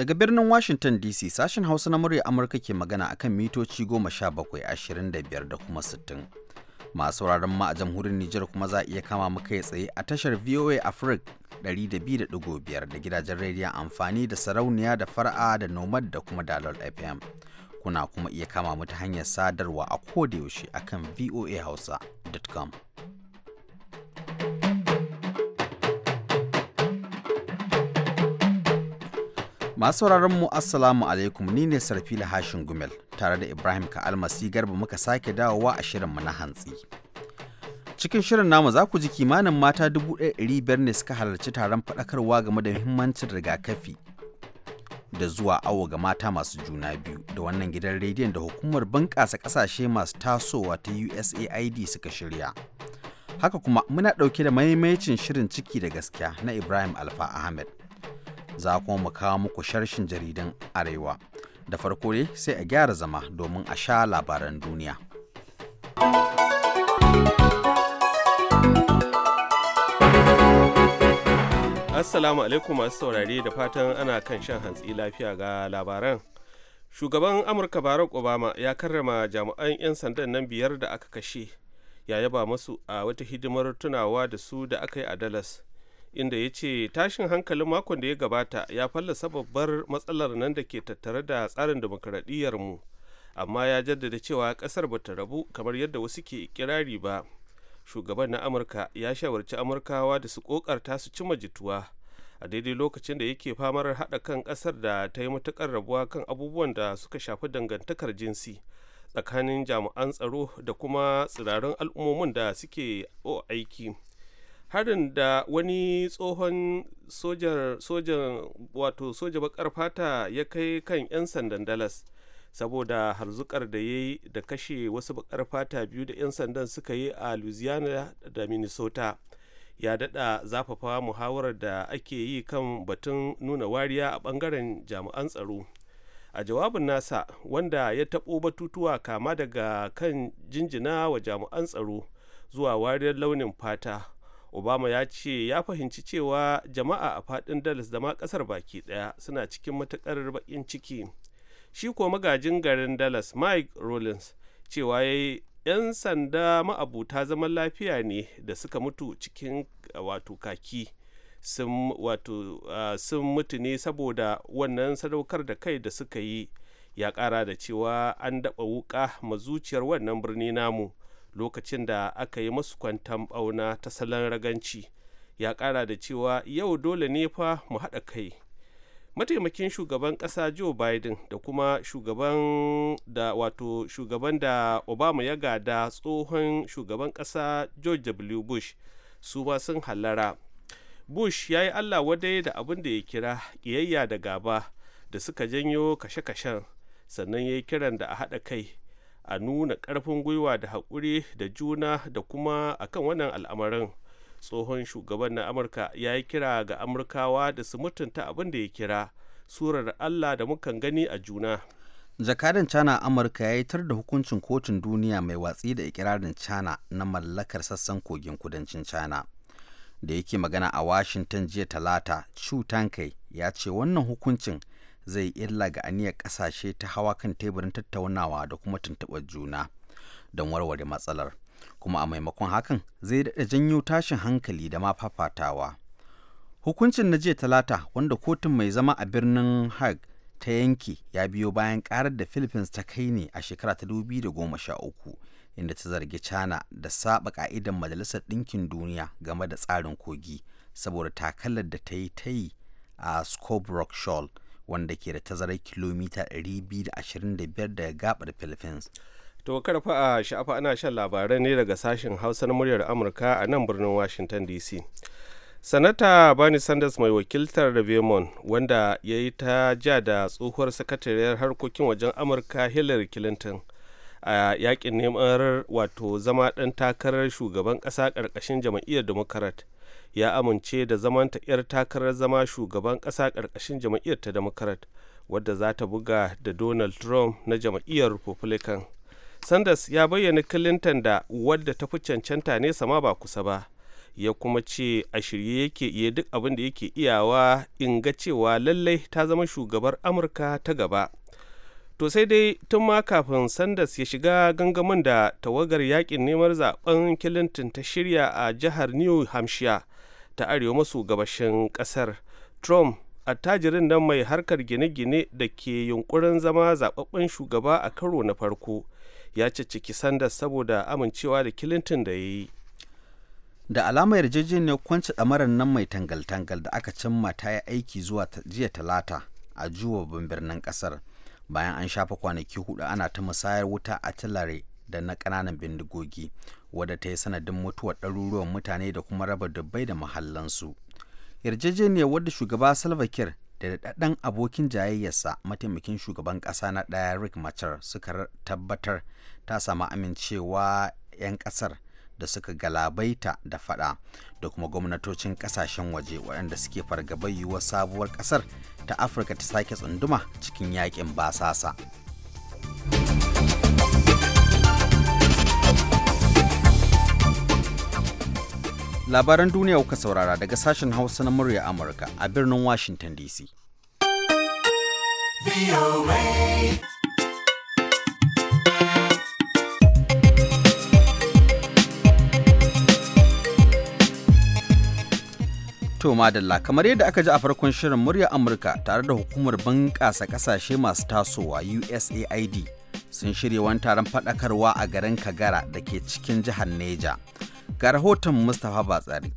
Daga birnin Washington DC sashen Hausa na murya Amurka ke magana a kan mitoci goma sha bakwai ashirin da biyar da kuma sittin. Masu sauraron ma a jamhuriyar Nijar kuma za a iya kama mu kai tsaye a tashar VOA Africa ɗari da biyu da da biyar gidajen rediyon amfani da sarauniya da fara'a da nomad da kuma dalar FM. Kuna kuma iya kama mu ta hanyar sadarwa a kodayaushe akan hausa.com. Masu mu Assalamu alaikum ni ne Sarfila Hashin Gumel tare da Ibrahim Ka'almasi Garba muka sake dawowa a shirin mu na hantsi. Cikin shirin namu za ku ji kimanin mata dubu ɗaya biyar ne suka halarci taron faɗakarwa game da muhimmancin rigakafi da zuwa awo ga mata masu juna biyu da wannan gidan rediyon da hukumar bunƙasa ƙasashe masu tasowa ta USAID suka shirya. Haka kuma muna ɗauke da maimaicin shirin ciki da gaskiya na Ibrahim Alfa Ahmed. za kuma mu kawo muku sharshin jaridan arewa da farko dai sai a gyara zama domin a sha labaran duniya assalamu alaikum masu saurare da fatan ana kan shan hantsi lafiya ga labaran shugaban amurka barack obama ya karrama jami'an 'yan sandan nan biyar da aka kashe ya yaba masu a wata hidimar tunawa da su da aka yi a dallas inda ya ce tashin hankalin makon da ya gabata ya fallasa babbar matsalar nan da ke tattare da tsarin mu amma ya jaddada cewa kasar ba ta rabu kamar yadda wasu ke ikirari ba shugaban na amurka ya shawarci amurkawa da su kokarta su cima jituwa a daidai lokacin da yake famar haɗa kan ƙasar da ta yi matukar rabuwa kan abubuwan da suka shafi dangantakar jinsi tsakanin jami'an tsaro da kuma tsirarin al'ummomin da suke aiki. harin da wani tsohon sojar sojan wato soja bakar fata ya kai kan 'yan sandan dalas saboda harzukar da ya yi da kashe wasu bakar fata biyu da 'yan sandan suka yi a louisiana da minnesota ya dada zafafa muhawarar da ake yi kan batun nuna wariya a bangaren jami'an tsaro a jawabin nasa wanda ya taɓo batutuwa kama daga kan jinjina wa jami'an tsaro zuwa wariyar launin fata obama ya ce ya fahimci cewa jama'a a faɗin dallas da ma ƙasar baki ɗaya suna cikin matukar baƙin ciki shi ko magajin garin dallas mike rollins cewa ya yi 'yan sanda ma'abuta zaman lafiya ne da suka mutu cikin wato kaki sun mutu ne saboda wannan sadaukar da kai da suka yi ya kara da cewa an daɓa wuƙa mazuciyar wannan birni namu lokacin da aka yi masu kwantan bauna ta salon raganci ya kara da cewa yau dole ne fa mu haɗa kai mataimakin shugaban ƙasa joe biden da kuma shugaban da wato shugaban da obama ya gada tsohon shugaban ƙasa george w bush su ma sun hallara bush ya yi allah wadai da abin da ya kira ƙiyayya da gaba da suka janyo kashe-kashen sannan ya yi kiran da a haɗa kai a nuna karfin gwiwa da haƙuri da juna da kuma akan wannan al'amarin tsohon shugaban na amurka ya yi kira ga amurkawa da su mutunta abin da ya kira surar allah da mukan gani a juna jakadan china amurka ya tar da hukuncin kotun duniya mai watsi da ikirarin cana na mallakar sassan kogin kudancin cana da yake magana a washington jiya talata chu tankai ya ce wannan hukuncin zai illa ga aniyar ƙasashe ta hawa kan teburin tattaunawa da kuma tuntuɓar juna don warware matsalar kuma a maimakon hakan zai daɗa janyo tashin hankali da ma fafatawa hukuncin na jiya talata wanda kotun mai zama a birnin hague ta yanki ya biyo bayan karar da philippines ta kai ne a shekara ta goma sha uku inda ta zargi china da saba ka'idan majalisar ɗinkin duniya game da tsarin kogi saboda takalar da ta yi ta yi a scobrock shoal wanda ke da tazarar kilomita 225 daga gabar philippines to karfa a sha'afa ana shan labarai ne daga sashen hausa na muryar amurka a nan birnin washington dc sanata bani sanders mai wakiltar vermont wanda ya yi ta ja da tsohuwar sakatariyar harkokin wajen amurka hillary clinton a yakin neman wato zama ɗan takarar shugaban ƙasa ƙarƙashin jam'iyyar democrat ya amince da zamanta 'yar takarar zama shugaban ƙasa ƙarƙashin jam'iyyar ta democrat wadda za ta buga da donald trump na jam'iyyar republican sanders ya bayyana clinton da wadda ta fi cancanta nesa ma ba kusa ba ya kuma ce a shirye yake iya duk abin da yake iyawa in ga cewa lallai ta zama shugabar amurka ta gaba to sai dai tun ma kafin sanders ya shiga gangamin da tawagar yakin neman zaben clinton ta shirya a jihar new hampshire ta arewa maso gabashin kasar trump attajirin nan mai harkar gine-gine da ke yunkurin zama zababben shugaba a karo na farko ya cicciki sanders saboda amincewa da clinton da ya yi da alama yarjejeniyar kwanci ɗamarar nan mai tangal-tangal da aka cimma ta yi aiki zuwa jiya talata a juwa birnin ƙasar bayan an shafa kwanaki hudu ana ta musayar wuta a tilare da na ƙananan bindigogi wadda ta yi sanadin mutuwar ɗaruruwan mutane da kuma raba dubbai da mahallansu yarjejeniyar wadda shugaba salva kiir da daɗaɗɗen abokin jayayyarsa mataimakin shugaban ƙasa na ɗaya rick machar suka tabbatar ta samu amincewa 'yan ƙasar da suka galabaita da fada da kuma gwamnatocin kasashen waje waɗanda suke fargabar yiwuwar sabuwar ƙasar ta afirka ta sake tsunduma cikin yakin basasa labaran duniya kuka saurara daga sashen hausa na murya amurka a birnin washington dc To madalla kamar yadda aka ji a farkon shirin murya Amurka tare da hukumar bunƙasa ƙasashe masu tasowa USAID sun shirya wani taron faɗakarwa a garin Kagara da ke cikin jihar Neja. Ga rahoton Mustapha Batsari.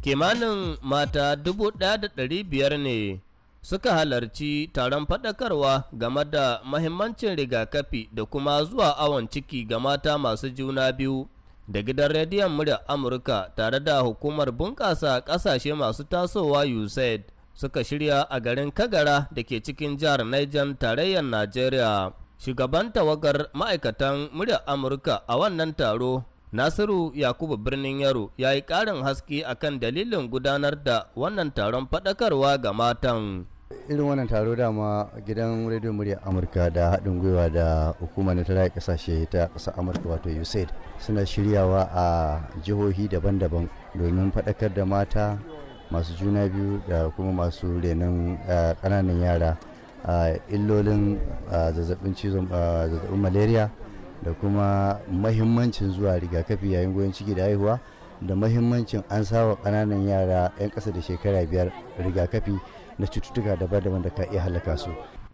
Kimanin mata dubu ɗaya da ɗari biyar ne suka halarci taron faɗakarwa game da mahimmancin rigakafi da kuma zuwa awon ciki ga mata masu juna biyu da gidan rediyon murya amurka tare da hukumar bunƙasa ƙasashe masu tasowa usaid suka shirya a garin kagara da ke cikin jihar niger tarayyar najeriya shugaban tawagar ma'aikatan murya amurka a wannan taro nasiru yakubu birnin yaro ya yi ƙarin haske akan dalilin gudanar da wannan taron faɗakarwa ga matan irin wannan taro dama gidan radio murya amurka da haɗin gwiwa da hukumar na tarayyar ƙasashe ta ƙasar amurka wato usaid suna shiryawa a jihohi daban-daban domin faɗakar da mata masu juna biyu da kuma masu renon eh, ƙananan yara a illolin zazzabin cizon zazzabin malaria da kuma mahimmancin zuwa rigakafi yayin goyon ciki da haihuwa da mahimmancin an sawa ƙananan yara 'yan ƙasa da shekara biyar rigakafi na cututtuka daban-daban da ka iya halaka su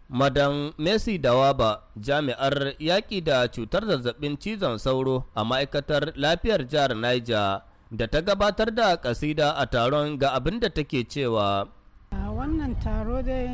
madam messi dawaba jami'ar yaƙi da cutar zazzabin cizon sauro a ma'aikatar lafiyar jihar niger da ta gabatar da kasida a taron ga abin da take cewa wannan taro dai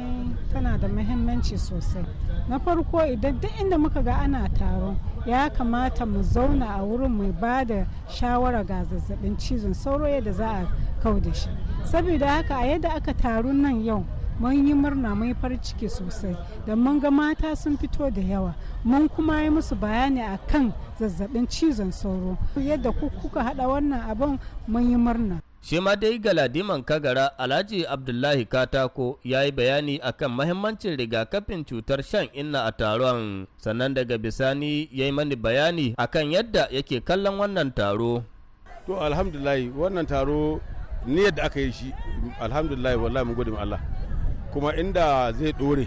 tana da muhimmanci sosai na farko idan duk inda muka ga ana taro ya kamata mu zauna a wurin mu ba da shawara ga zazzabin cizon sauro yadda za a kau da shi saboda haka a yadda aka taru nan yau mun yi murna mun yi farin ciki sosai da mun ga mata sun fito da yawa mun kuma yi musu bayani a kan zazzabin cizon sauro yadda kuka haɗa wannan abin mun yi murna Shi ma dai galadiman kagara Alhaji Abdullahi Katako ya yi bayani akan mahimmancin rigakafin cutar shan inna a taron, sannan daga bisani ya yi mani bayani akan yadda yake kallon wannan taro. To alhamdulahi wannan taro ni yadda aka yi shi alhamdulahi wallahi mun gode Allah kuma inda zai dore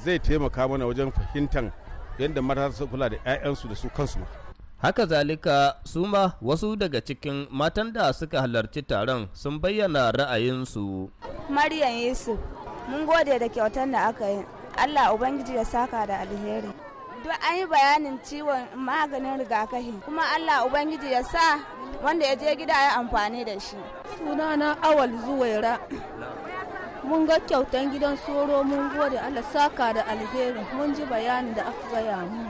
zai taimaka mana wajen fahimtar yadda matasa kula da 'ya'yansu da su kansu ma. Haka zalika su ma wasu daga cikin matan da suka halarci taron sun bayyana ra'ayinsu. Maryam Yusuf, mun gode da kyautar da aka yi. Allah Ubangiji ya saka da alheri. Duk an yi bayanin ciwon maganin rigakafi kuma Allah Ubangiji ya sa wanda ya je gida ya amfani da shi. Sunana Awal Zuwaira. Mun ga kyautan gidan soro mun gode Allah saka da alheri mun ji bayanin da aka gaya mu.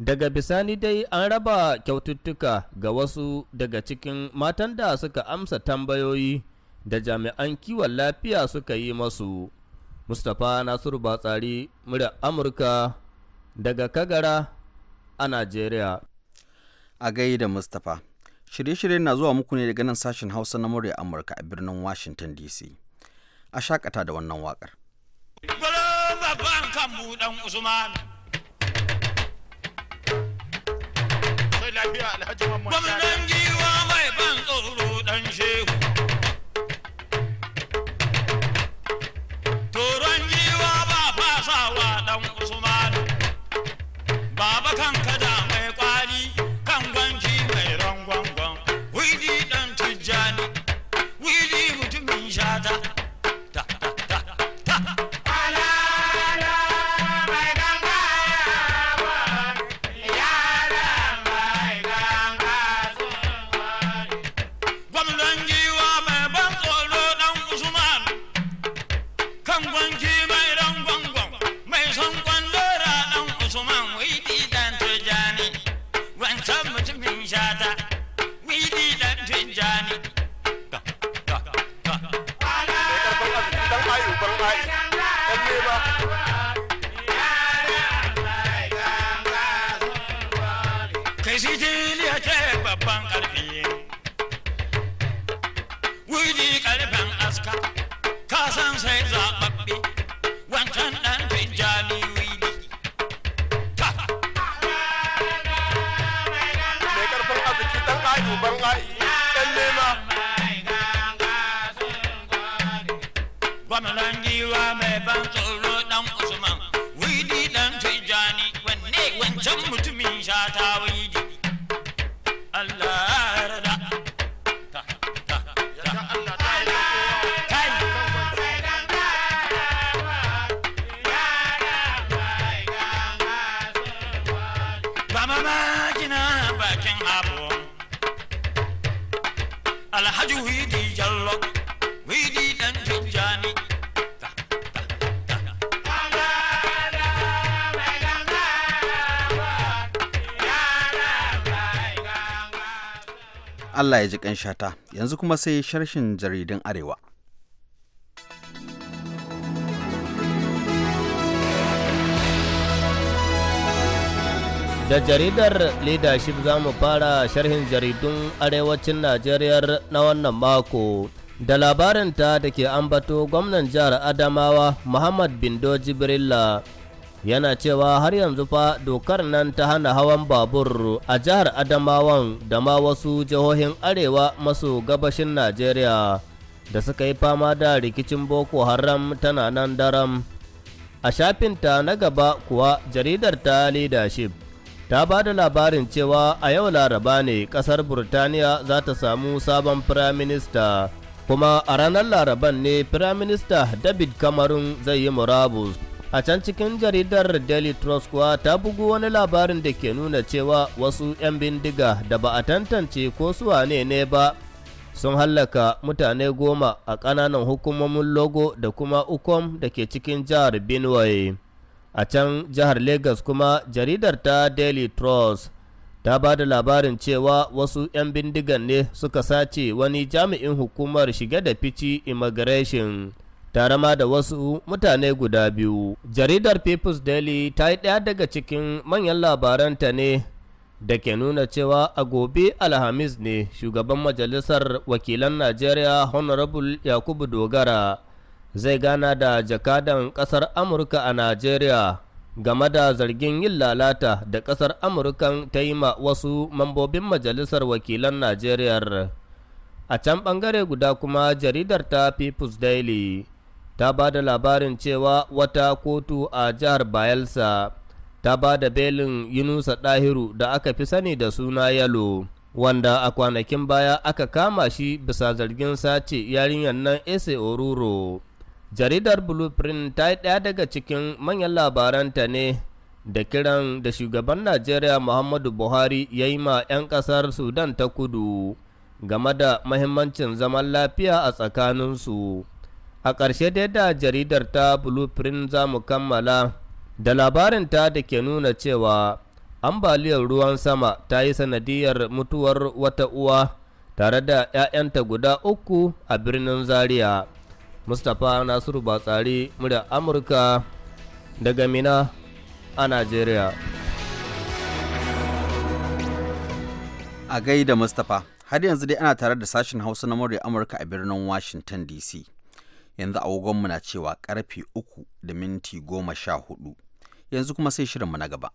Daga bisani dai an raba kyaututtuka ga wasu daga cikin matan da suka amsa tambayoyi da jami'an kiwon lafiya suka yi masu. Mustapha Nasiru Batsari, mura Amurka daga Kagara a Najeriya. A gaida Mustapha, shirye-shiryen na zuwa muku ne daga nan sashen Hausa na murya Amurka a birnin Washington DC. A shakata da wannan waƙar. Gwalo kan buɗan Usman. Gwamnan giwa mai ban tsoro dan shehu. Toron giwa ba fasawa dan Usman. Baba kan kada mai kwari kan gwanci mai rangwangwan. Wili dan tijjani, wili mutumin shata. mu Allah ya ji shata yanzu kuma sai sharshin jaridun Arewa. Da jaridar leadership za mu fara sharhin jaridun arewacin Najeriya na wannan mako. Da labarinta da ke ambato gwamnan jihar Adamawa Muhammad Bindo Jibrilla yana cewa har yanzu fa dokar nan ta hana hawan babur a jihar adamawan da ma wasu jihohin arewa maso gabashin najeriya da suka yi fama da rikicin boko haram tana nan daram a shafinta na gaba kuwa jaridar ta leadership ta ba da labarin cewa a yau laraba ne kasar burtaniya za ta samu sabon firaminista kuma a ranar laraban ne firaminista david cameron zai yi murabus a can cikin jaridar daily trust kuwa ta bugu wani labarin da ke nuna cewa wasu 'yan bindiga da ba a tantance ko su wane ne ba sun hallaka mutane goma a ƙananan hukumomin logo da kuma ukom da ke cikin jihar benue a can jihar lagos kuma jaridar ta daily trust ta ba da labarin cewa wasu 'yan bindigan ne suka sace wani jami'in hukumar shige da fici immigration tare ma da wasu mutane guda biyu. Jaridar People's Daily ta yi ɗaya daga cikin manyan labaranta ne da ke nuna cewa a gobe Alhamis ne shugaban majalisar wakilan Najeriya Honorable Yakubu Dogara zai gana da jakadan ƙasar Amurka a Najeriya game da zargin yin lalata da ƙasar Amurkan ta yi ma wasu mambobin majalisar wakilan Najeriya. A can bangare guda kuma jaridar ta People's Daily ta ba da labarin cewa wata kotu a jihar Bayelsa ta ba da belin Yunusa Ɗahiru da aka fi sani da suna Yalo, wanda a kwanakin baya aka kama shi bisa zargin sace yarinyar nan Ese Oruro. Jaridar Blueprint ta yi ɗaya daga cikin manyan labaranta ne da kiran da shugaban Najeriya Muhammadu Buhari ya yi ma 'yan ƙasar Sudan ta kudu game da mahimmancin zaman lafiya a tsakaninsu. a ƙarshe dai da jaridar ta blueprint za mu kammala da labarin ta da ke nuna cewa ambaliyar ruwan sama ta yi sanadiyar mutuwar wata uwa tare da 'ya'yanta guda uku a birnin zaria mustapha nasiru batsari murya amurka daga mina a nigeria. a gaida mustapha har yanzu dai ana tare da sashen hausa na murya amurka a birnin washington dc yanzu agogonmu na cewa karfe uku da minti goma sha hudu yanzu kuma sai shirinmu na gaba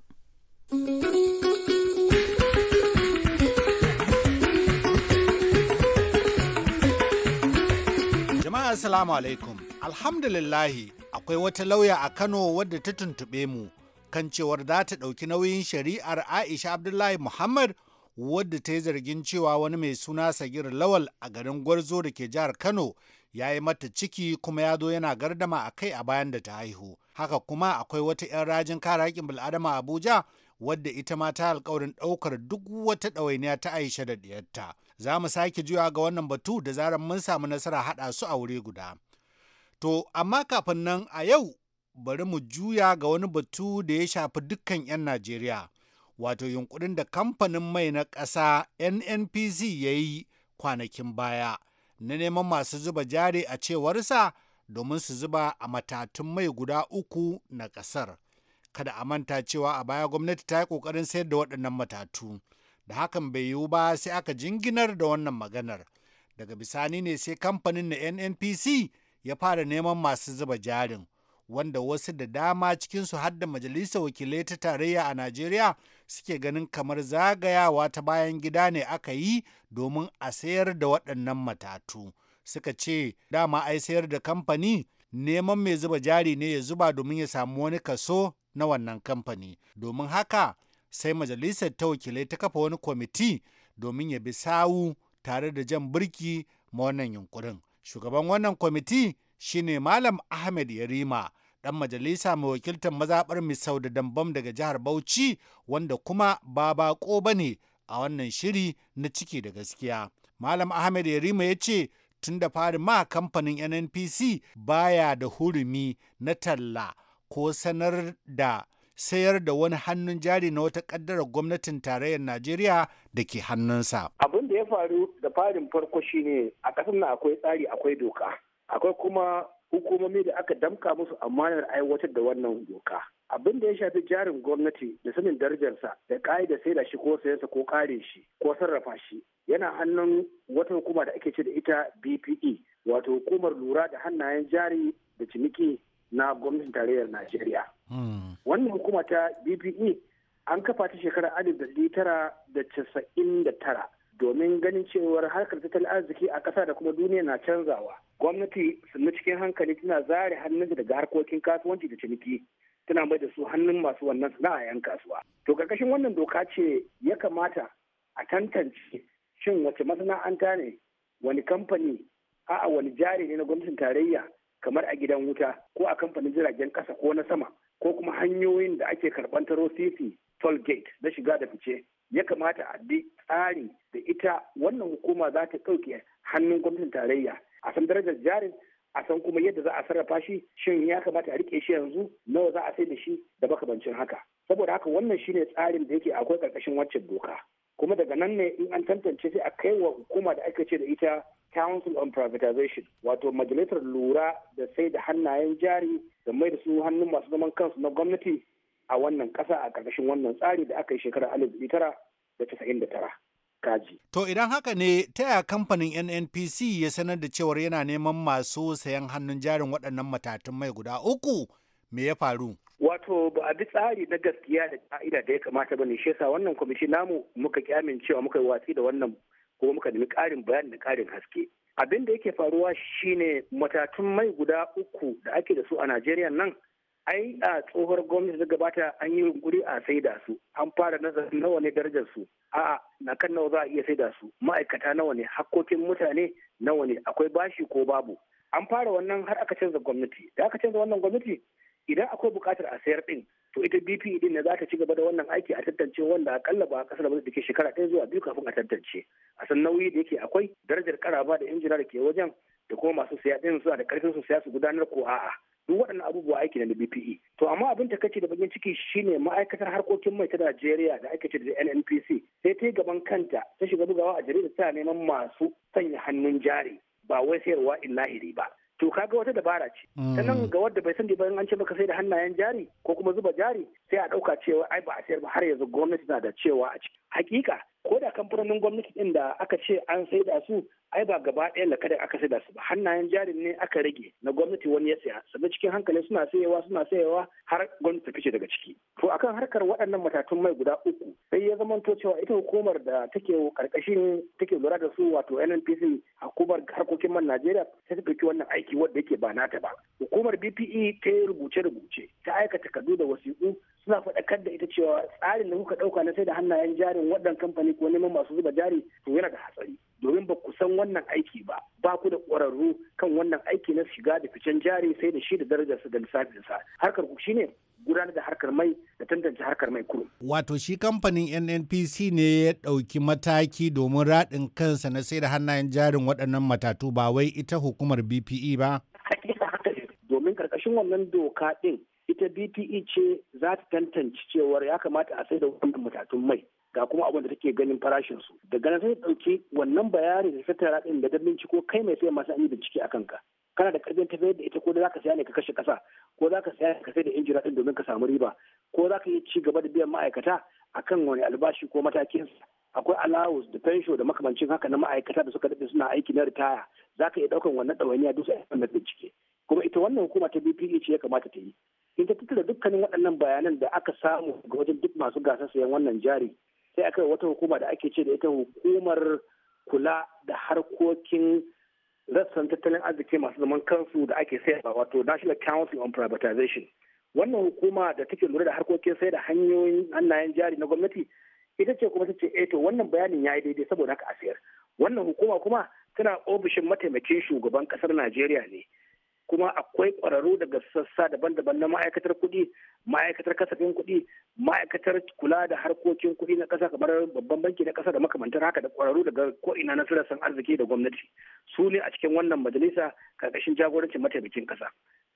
jama'a assalamu alaikum alhamdulillahi akwai wata lauya a kano wadda ta tuntube mu kan cewar za ta ɗauki nauyin shari'ar aisha abdullahi muhammad wadda ta yi zargin cewa wani mai suna sagir lawal a garin gwarzo da ke jihar kano ya yi mata ciki kuma ya zo yana gardama a kai a bayan da ta haihu haka kuma akwai wata 'yan rajin kare haƙƙin bil'adama abuja wadda ita ma ta alƙawarin ɗaukar duk wata ɗawainiya ta aisha da ɗiyarta za mu sake juya ga wannan batu da zarar mun samu nasara haɗa su a wuri guda to amma kafin nan a yau bari mu juya ga wani batu da ya shafi dukkan 'yan najeriya wato yunkurin da kamfanin mai na ƙasa nnpc ya yi kwanakin baya na neman masu zuba jari a cewarsa domin su zuba a matatun mai guda uku na ƙasar. Kada a manta cewa a baya gwamnati ta yi ƙoƙarin sayar da waɗannan matatu, da hakan bai yiwu ba sai aka jinginar da wannan maganar. Daga bisani ne sai kamfanin na NNPC ya fara neman masu zuba jarin. wanda wasu da dama cikinsu har da majalisar wakilai ta tarayya a najeriya suke ganin kamar zagayawa ta bayan gida ne aka yi domin a sayar da waɗannan matatu suka ce dama ai sayar da kamfani neman mai zuba jari ne ya zuba domin ya samu wani kaso na wannan kamfani domin haka sai majalisar ta wakilai ta kafa wani kwamiti domin ya bi sawu tare da jan birki ma wannan yunkurin shugaban wannan kwamiti shine Malam Ahmed Yarima, ɗan majalisa mai wakiltar mazaɓar Misau da Dambam daga jihar Bauchi, wanda kuma ba baƙo ba ne a wannan shiri na ciki da gaskiya. Malam Ahmed Yarima ya ce, tun da fari ma kamfanin NNPC baya da hurumi na talla ko sanar da sayar da wani hannun jari na wata ƙaddarar gwamnatin tarayyar Najeriya da ke hannunsa. Abin da ya faru da farin farko shine a ƙasar na akwai tsari akwai doka. akwai kuma hukumomi da aka damka musu amanar aiwatar da wannan doka abin da ya shafi jarin gwamnati da sanin darajarsa da ka'ida sai da shi ko sayansa ko kare shi ko sarrafa shi yana hannun wata hukuma da ake ce da ita bpe wato hukumar lura da hannayen jari da ciniki na gwamnatin tarayyar najeriya hmm. wannan hukuma ta bpe an kafa ta shekarar alif da tara da casa'in da tara domin ganin cewar harkar tattalin arziki a ƙasa da kuma duniya na canzawa gwamnati na cikin hankali tana zare hannunta daga harkokin kasuwanci da ciniki tana mai da su hannun masu wannan sana'a 'yan kasuwa to karkashin wannan doka ce ya kamata a tantance shin wace masana'anta ne wani kamfani a'a wani jari ne na gwamnatin tarayya kamar a gidan wuta ko a kamfanin jiragen kasa ko na sama ko kuma hanyoyin da ake karɓan taro titi toll gate na shiga da fice ya kamata a bi tsari da ita wannan hukuma za ta ɗauke hannun gwamnatin tarayya a san darajar jarin a san kuma yadda za a sarrafa shi shin ya kamata a rike shi yanzu nawa za a sai da shi da makabancin haka saboda haka wannan shine tsarin da yake akwai karkashin waccan doka kuma daga nan ne in an tantance sai a kai wa hukuma da aka ce da ita council on privatization wato majalisar lura da sai da hannayen jari da mai da su hannun masu zaman kansu na gwamnati a wannan ƙasa a ƙarƙashin wannan tsari da aka yi shekarar alif da tara da casa'in da tara. Kaji. To idan haka ne ta yaya kamfanin NNPC ya sanar da cewar yana neman masu sayan hannun jarin waɗannan matatun mai guda uku me ya faru? Wato ba a bi tsari na gaskiya da ka'ida da ya kamata ba ne shi yasa wannan kwamishin namu muka kyamin cewa muka yi watsi da wannan kuma muka nemi ƙarin bayani da ƙarin haske. Abin da yake faruwa shine matatun mai guda uku da ake da su a Najeriya nan ai a tsohuwar gwamnati ta gabata an yi guri a saida su an fara nazarin nawa ne darajar su 'a na kan nawa za a iya saida su ma'aikata nawa ne hakkokin mutane nawa ne akwai bashi ko babu an fara wannan har aka canza gwamnati da aka canza wannan gwamnati idan akwai bukatar a sayar din to ita bp din e ne za ta ci gaba da wannan aiki a tantance wanda akalla ba a kasar da ke shekara ɗaya zuwa biyu kafin a tantance a san nauyi da yake akwai darajar karaba da injina da ke wajen da kuma masu saya din suna da karfin su saya su gudanar ko a'a duk waɗannan abubuwa aiki ne na BPE to amma abin ta kace da bakin ciki shine ma'aikatar harkokin mai ta Najeriya da ake ce da NNPC sai ta yi gaban kanta ta shiga bugawa a jaridar tana neman masu sanya hannun jari ba wai sayarwa illahiri ba to ka ga wata dabara ce sannan mm. ga wadda bai san ba an ce maka sai da hannayen jari ko kuma zuba jari sai a ɗauka cewa ai ba a sayar ba har yanzu gwamnati na da cewa a ciki hakika ko da kamfanonin gwamnati ɗin da aka ce an saida su ai ba gaba ɗaya lakadar aka saida su ba hannayen jarin ne aka rage na gwamnati wani ya saya sannan cikin hankali suna sayewa suna sayewa har gwamnati ta fice daga ciki to akan harkar waɗannan matatun mai guda uku sai ya to cewa ita hukumar da take karkashin take lura da su wato NNPC hukumar harkokin man Najeriya ta ɗauki wannan aiki wanda yake ba nata ba hukumar BPE ta yi rubuce-rubuce ta aikata kadu da wasiƙu suna faɗakar da ita cewa tsarin da kuka ɗauka na sai da hannayen jarin waɗannan kamfani ko neman masu zuba jari to yana da hatsari domin ba ku san wannan aiki ba ba ku da ƙwararru kan wannan aiki na shiga da ficen jari sai da shi da darajarsa da sa harkar ku shine gudanar da harkar mai da tantance harkar mai kurum. Wato shi kamfanin NNPC ne ya ɗauki mataki domin raɗin kansa na sai da hannayen jarin waɗannan matatu ba wai ita hukumar BPE ba. domin karkashin wannan doka ɗin ita bpe ce za ta tantance cewar ya kamata a sai da wannan matatun mai ga kuma abin da take ganin farashin su daga nan sai ta dauki wannan bayani da tattara din da dabinci ko kai mai sai masu yi bincike akan ka kana da karfin tafiyar da ita ko da zaka saya ne ka kashe kasa ko zaka saya ka sai da injira din domin ka samu riba ko zaka yi ci gaba da biyan ma'aikata akan wani albashi ko matakin akwai allowance da pension da makamancin haka na ma'aikata da suka daɗe suna aiki na ritaya zaka iya daukan wannan ɗawainiya duk sai a bincike kuma ita wannan hukuma ta BPE ce ya kamata ta yi in tattara dukkanin waɗannan bayanan da aka samu ga wajen duk masu gasar sayan wannan jari sai aka yi wata hukuma da ake ce da ita hukumar kula da harkokin rassan tattalin arziki masu zaman kansu da ake sayarwa wato national council on privatization wannan hukuma da take lura da harkokin sai da hanyoyin hannayen jari na gwamnati ita ce kuma ta eh to wannan bayanin yayi daidai saboda haka a sayar wannan hukuma kuma tana ofishin mataimakin shugaban kasar najeriya ne kuma akwai ƙwararru daga sassa daban-daban na ma'aikatar kuɗi ma'aikatar kasafin kuɗi ma'aikatar kula da harkokin kuɗi na ƙasa kamar babban banki na ƙasa da makamantar haka da kwararru daga ko'ina na sirasan arziki da gwamnati su ne a cikin wannan majalisa karkashin jagorancin mataimakin ƙasa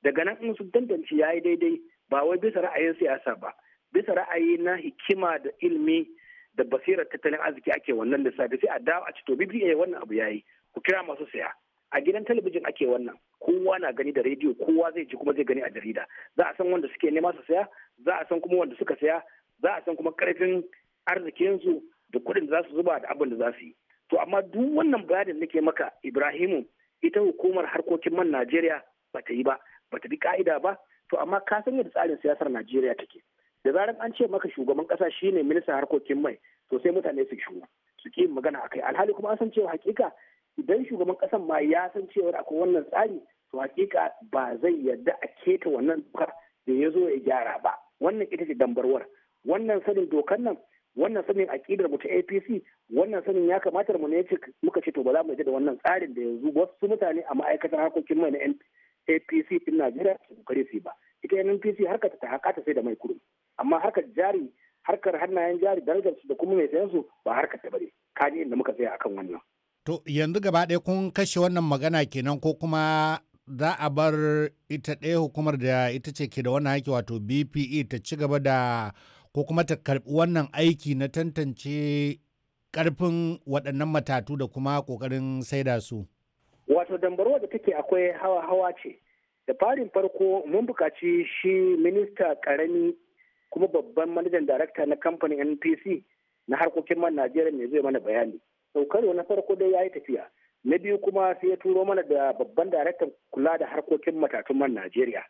daga nan in su dandance ya yi daidai ba wai bisa ra'ayin siyasa ba bisa ra'ayi na hikima da ilimi da basirar tattalin arziki ake wannan lissafi sai a dawo a ci to bibiya wannan abu ya yi. ku kira masu saya a gidan talabijin ake wannan kowa na gani da rediyo kowa zai ji kuma zai gani a jarida za a san wanda suke nema su saya za a san kuma wanda suka saya za a san kuma karfin arzikinsu da kuɗin da za su zuba da abin da za su yi to amma duk wannan bayanin nake maka ibrahimu ita hukumar harkokin man najeriya ba ta yi ba ba ta bi ka'ida ba to amma ka san yadda tsarin siyasar najeriya take da zarar an ce maka shugaban kasa shine ministan harkokin mai to sai mutane su shigo su ki magana akai alhali kuma an san cewa hakika idan shugaban kasan ma ya san cewar akwai wannan tsari to hakika ba zai yarda a keta wannan doka da ya zo ya gyara ba wannan ita ce dambarwar wannan sanin dokar nan wannan sanin akidar mu ta APC wannan sanin ya kamata mu ne muka ce to ba za mu yarda da wannan tsarin da yanzu wasu mutane a ma'aikatar harkokin mai na APC din Najeriya su kokare su ba ita NPC harkar ta hakata sai da mai kurum amma harkar jari harkar hannayen jari darajar su da kuma mai sayan su ba harkar ta ka kaji inda muka tsaya akan wannan To yanzu gaba ɗaya kun kashe wannan magana kenan ko kuma za a bar ita ɗaya hukumar da ita ce ke da wannan haƙƙi wato BPE ta ci gaba da ko kuma ta karbi wannan aiki na tantance ƙarfin waɗannan matatu da kuma ƙoƙarin saida su. Wato dambarwa da take akwai hawa-hawa ce. Da farin farko mun buƙaci shi minista ƙarami kuma babban manajan darakta na kamfanin NPC na harkokin man Najeriya mai zai mana bayani. saukarwa na farko dai ya yi tafiya na biyu kuma sai ya turo mana da babban daraktan kula da harkokin matatun man najeriya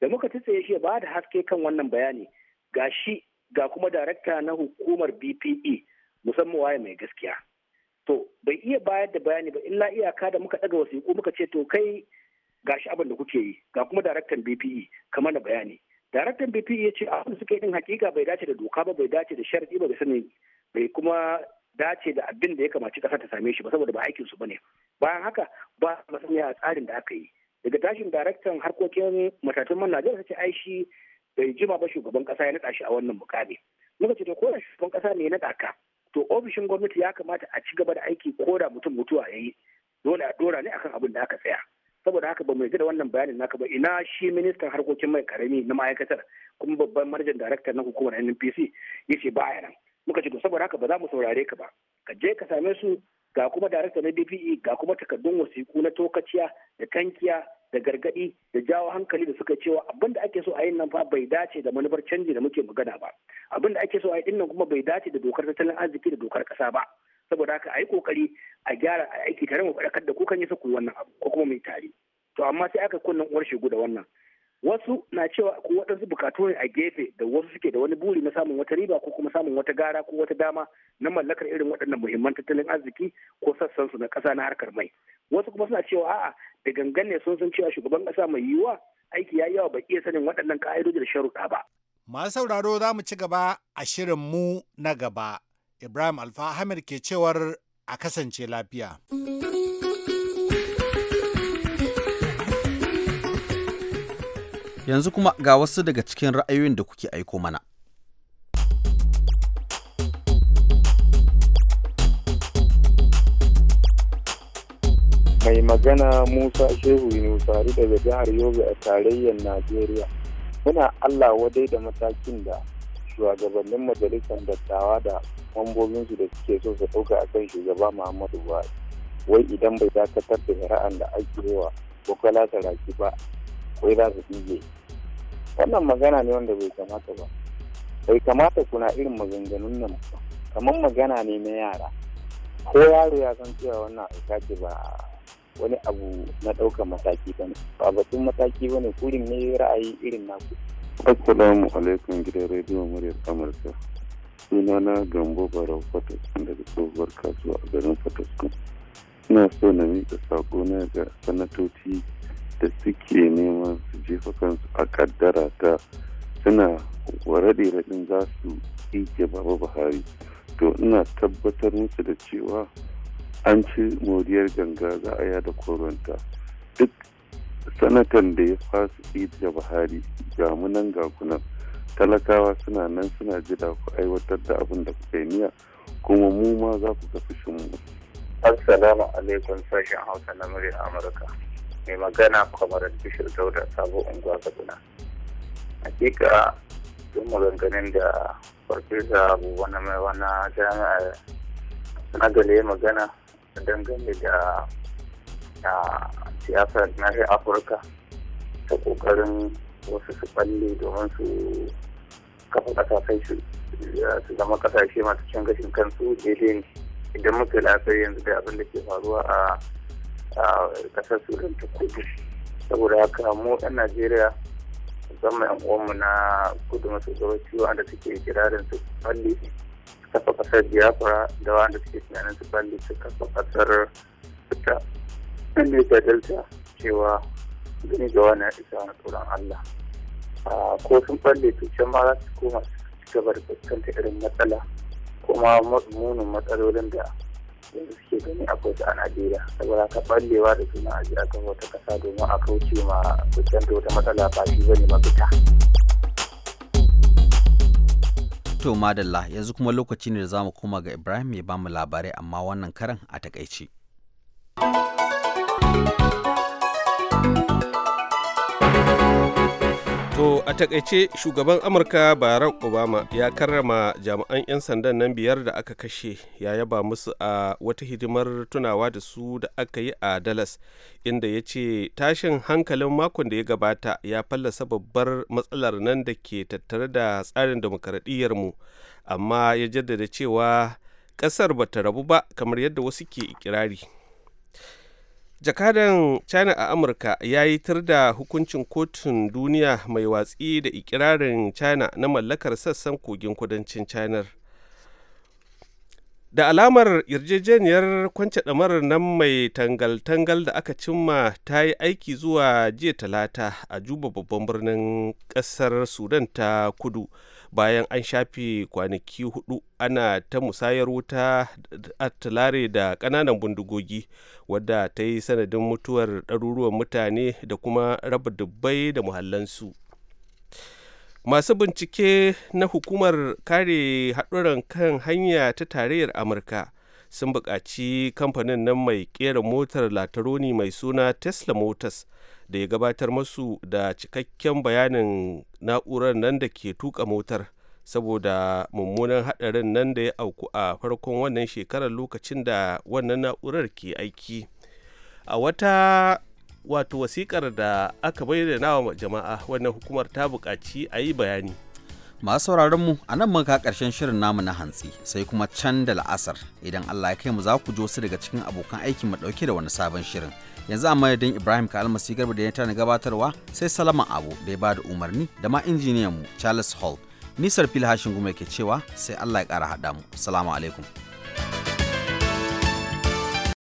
da muka tutsaye shi ba da haske kan wannan bayani ga shi ga kuma darakta na hukumar bpe musamman waye mai gaskiya to bai iya bayar da bayani ba illa iyaka da muka daga wasiƙu muka ce to kai gashi abin da kuke yi ga kuma daraktan bpe kamar da bayani daraktan bpe ya ce abin suke yin hakika bai dace da doka ba bai dace da sharadi ba bai sani bai kuma dace da abin da ya kamaci kasa ta same shi ba saboda ba aikinsu ba ne bayan haka ba masaniya a tsarin da aka yi daga tashin daraktan harkokin matatun man najeriya ta ce ai shi bai jima ba shugaban kasa ya naɗa shi a wannan mukami muka ce to ko shugaban kasa ne ya naɗa ka to ofishin gwamnati ya kamata a ci gaba da aiki ko da mutum mutuwa ya yi dole a dora ne akan abin da aka tsaya saboda haka ba mu yarda da wannan bayanin naka ba ina shi ministan harkokin mai karami na ma'aikatar kuma babban manajan daraktan na hukumar NNPC yace a nan muka ce to saboda haka ba za mu saurare ka ba ka je ka same su ga kuma darakta na DPE ga kuma takardun wasiku na tokaciya da tankiya da gargadi da jawo hankali da suka cewa abin da ake so a yin nan fa bai dace da manufar canji da muke magana ba abin da ake so a yi nan kuma bai dace da dokar tattalin arziki da dokar kasa ba saboda haka a yi kokari a gyara a aiki tare mu faɗakar da kukan yi sa wannan abu ko kuma mai tare to amma sai aka kunnan uwar shegu da wannan wasu na cewa ko waɗansu bukatu ne a gefe da wasu suke da wani buri na samun wata riba ko kuma samun wata gara ko wata dama na mallakar irin waɗannan muhimman tattalin arziki ko sassan su na ƙasa na harkar mai wasu kuma suna cewa a'a da gangan ne sun san cewa shugaban ƙasa mai yiwuwa aiki ya yi yawa bai iya sanin waɗannan ka'idoji da sharuɗa ba. masu sauraro za mu ci gaba a shirin mu na gaba ibrahim alfa ke cewar a kasance lafiya. Yanzu kuma ga wasu daga cikin ra'ayoyin da kuke aiko mana. Mai magana Musa Shehu Yunusari daga jihar Yobe a tarayyar Najeriya. Muna Allah wadai da matakin da shugabannin majalisar dattawa da mambobinsu da suke so su ɗauka a kan shugaba Muhammadu Buhari. Wai idan bai dakatar da shari'an da ake yi wa Bukola Saraki ba, wai za su ɗige. wannan magana ne wanda bai kamata ba bai kamata kuna irin maganganun nan ba kamar magana ne na yara ko yaro ya san cewa wannan aika ce ba wani abu na ɗaukar mataki ba ne ba batun mataki ba ne kurin ne ra'ayi irin naku assalamu alaikum gidan rediyo muryar amurka sunana gambo barau fataskun daga tsohuwar kasuwa a garin fataskun ina so na miƙa saƙona ga sanatoci da suke neman su jefa kansu a kaddara ta suna warade raɗin za su ike baba buhari to ina tabbatar musu da cewa an ci moriyar ganga za a yada koronta duk sanatan da ya fasu ije buhari jamunan gakunan talakawa suna nan suna jira ku aiwatar da abin da kuka yi niyya kuma mu ma za ku ga fushinmu. Assalamu alaikum sashen Hausa na murya Amurka. mai magana kamar bishir dauda sabo unguwa kaduna hakika duk maganganun da farfesa wani mai wani jami'ar nagale magana dangane da a siyasar nahiyar afirka ta kokarin wasu su balle domin su kafa kasashe su zama kasashe masu cin gashin kansu daidai ne idan muka lafiya yanzu da abin da ke faruwa a a kasar sudan ta kudu saboda haka mu yan najeriya musamman yan uwanmu na kudu maso gabaci wanda suke kirarin su balli su kafa kasar biafra da wanda suke tunanin su balli su kafa kasar ta ta delta cewa gani ga wani isa wani tsoron allah ko sun balle to can ma za su koma su da fuskanta irin matsala kuma munin matsalolin da yadda suke gani akwai su a najeriya saboda ka ballewa da suna a jira kan wata kasa domin a kauce ma fuskanta wata matsala ba shi bane mafita to madalla yanzu kuma lokaci ne da za mu koma ga ibrahim ya bamu labarai amma wannan karan a takaici. To a takaice shugaban Amurka Barack Obama ya karrama jami'an 'yan sandan nan biyar da aka kashe ya yaba musu a wata hidimar tunawa da su da aka yi a Dallas inda ya ce tashin hankalin makon da ya gabata ya fallasa babbar matsalar nan da ke tattare da tsarin mu amma ya jaddada cewa ƙasar ta rabu ba kamar yadda wasu ke ikirari. jakadan china a amurka ya yi tur da hukuncin kotun duniya mai watsi da ikirarin china na mallakar sassan kogin kudancin china da alamar yarjejeniyar kwance damar nan mai tangal-tangal da aka cimma ta yi aiki zuwa jiya talata a juba babban birnin ƙasar sudan ta kudu bayan an shafe kwanaki hudu ana ta musayar wuta tulare da kananan bindigogi wadda ta yi sanadin mutuwar ɗaruruwan mutane da kuma raba dubbai da muhallansu masu bincike na hukumar kare haɗuran kan hanya ta tarayyar amurka sun buƙaci kamfanin nan mai ƙera motar lataroni mai suna tesla motors da ya gabatar masu da cikakken bayanin na'urar nan da ke tuka motar saboda mummunan haɗarin nan da ya auku a farkon wannan shekarar lokacin da wannan na'urar ke aiki a wata wato wasikar da aka bayyana wa jama'a wannan hukumar ta buƙaci a yi bayani masu sauraron mu a nan muka karshen shirin namu na hantsi sai kuma can da la'asar idan Allah ya kai mu za ku jo su daga cikin abokan aikin mu dauke da wani sabon shirin yanzu a madadin ibrahim kalmasi garba da ya tana gabatarwa sai salama abu da ya ba da umarni da ma injiniyan mu charles hall nisar fil hashin gume ke cewa sai allah ya kara haɗa mu salamu alaikum